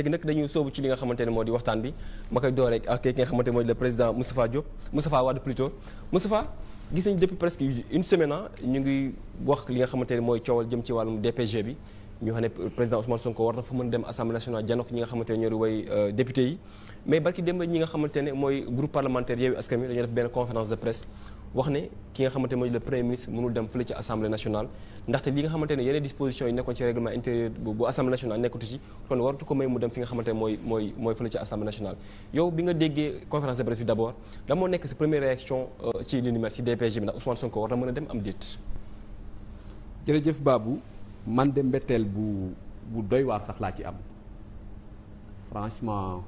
léegi nag dañuy soobu ci li nga xamante ne moo di waxtaan bi ma koy door rek ak ki nga xamante ne moo di le président Moustapha Diop Moustapha Wade plutôt Moustapha gis nañ depuis presque une semaine ah, ñu ngi wax li nga xamante ne mooy coowal jëm ci wàllum DPG bi ñu xam ne président Ousmane Sonko war na fa mën dem assemblée nationale janok ñi nga xamante ne ñoo di way euh, député yi mais barki dem ñi nga xamante ne mooy groupe parlementaire Yewwi Askan Wi dañoo def wax ne ki nga xamante mooy le premier ministre mënul dem fële ci assemblée nationale ndaxte li nga xamante ne yeneen dispositions yi nekkoon ci règlement intérieur bu assemblée nationale nekkatu ci kon waratu ko may mu dem fi nga xamante ne mooy mooy fële ci assemblée nationale yow bi nga déggee conférence de presse bi d' moo nekk sa première réaction euh, ci li ni mel si DPG ndax Ousmane jërëjëf Babou man de mbetteel bu bu doy waar sax laa ci am franchement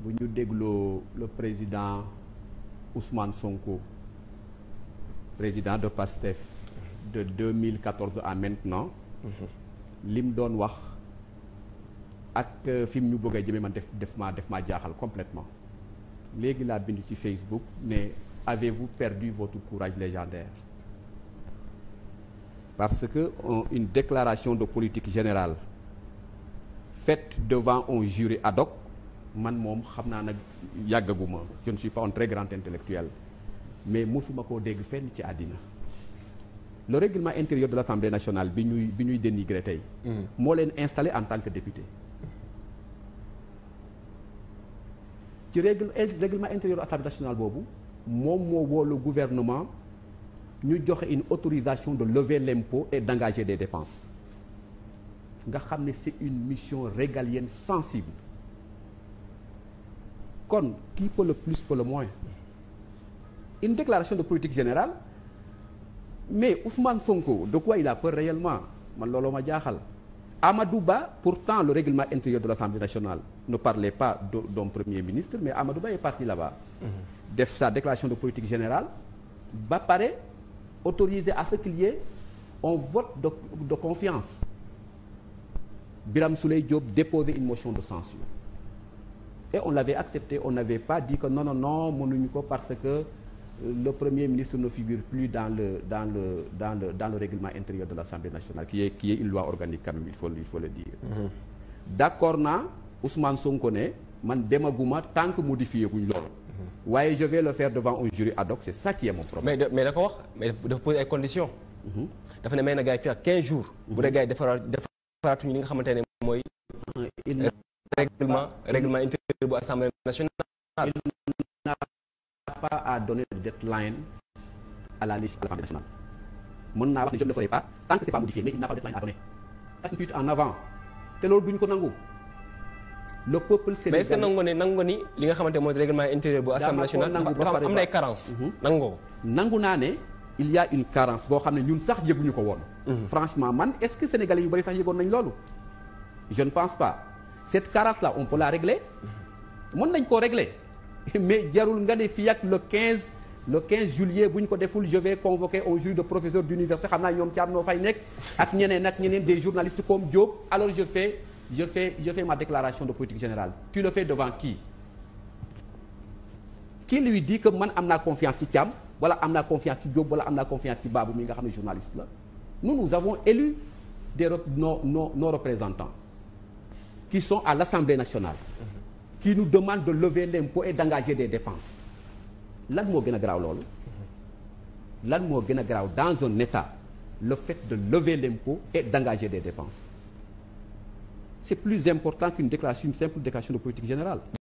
bu ñu dégloo le président Ousmane Sonko président de PASTEF de 2014 à maintenant. li mu doon wax ak euh, fi mu ñu bëgg a jëmee man def def maa def maa jaaxal complètement léegi laa bind ci Facebook ne avez-vous perdu votre courage légendaire parce que on, une déclaration de politique générale faite devant un jury ad hoc man moom xam naa nag yàggaguma je ne suis pas un très grand intellectuel mais mosuma koo dégg fenn ci àddina le règlement intérieur de l'Assemblée nationale bi ñuy bi ñuy dénigré tey mm. moo leen installé en tant que député ci règle règlement intérieur Assemblée nationale boobu moom moo woo le ñu joxe une autorisation de lever l'impôt et d'engager des dépenses nga xam ne c'est une mission régalienne sensible kon qui peut le plus peut le moins une déclaration de politique générale mais Ousmane Sonko de quoi il peur réellement man looloo ma jaaxal Amadou Ba pourtant le règlement intérieur de l'Assemblée nationale ne parlait pas d'un premier ministre mais Amadou Ba est parti là-bas mm-hmm. def sa déclaration de politique générale ba pare autorisé à ce qu'il y ait un vote de, confiance Biram Souley Diop déposé une motion de censure et on l'avait accepté on n'avait pas dit que non non non mënuñu ko que le premier ministre ne figure plus dans le dans le dans le dans le règlement intérieur de l'Assemblée nationale qui est qui est une loi organique il faut le dire mmh. d'accord naa Ousmane Sonko ne man demaguma tant que modifié guñ loolu mm-hmm. waaye je vais le faire devant un jury ad hoc c'est ça qui est problème mais da ko wax mais dafa poser ay conditions mm-hmm. dafa ne may na gars yi fii ak 15 jours bu dee mm-hmm. gars yi defaraat li nga xamante ne mooy règlement règlement intérieur bu Assemblée nationale pas à donner de deadline à la liste à l'Assemblée nationale mën naa wax ne je ne le ferai pas tant que c'est pas modifié mais il n'a donner. te loolu duñ ko nangu. le peuple sénégalais mais est-ce que nangu ne nangu ni li nga xamante mooy règlement intérieur bu assemblée nationale dafa am nay carence mhm. nangu nangu naa ne il y a une carence boo xam ne ñun sax yëguñu ko woon mhm. franchement man est-ce que sénégalais yu bari sax yëgoon nañ loolu je ne pense pas cette carence là on peut la régler mhm. mën nañ koo mais jarul nga ne fii ak le 15 le 15 juillet bu ñu ko deful je vais convoquer un jury de professeurs d'université xam naa ñoom ci am noo fay nekk ak ñeneen ak ñeneen des journalistes comme Diop alors je fais je fais je fais ma déclaration de politique générale tu le fais devant qui qui lui dit que man am naa confiance ci Thiam wala am naa confiance ci Diop wala am naa confiance ci Babou mi nga xam ne journaliste la nous nous avons élu des nos nos nos représentants qui sont nationale qui nous demande de lever l'impôt et d'engager des dépenses lan moo gën a graaw loolu lan moo gën a garaaw dans un état le fait de lever l'impôt et d'engager des dépenses c'est plus important qu'une déclaration une simple déclaration de politique générale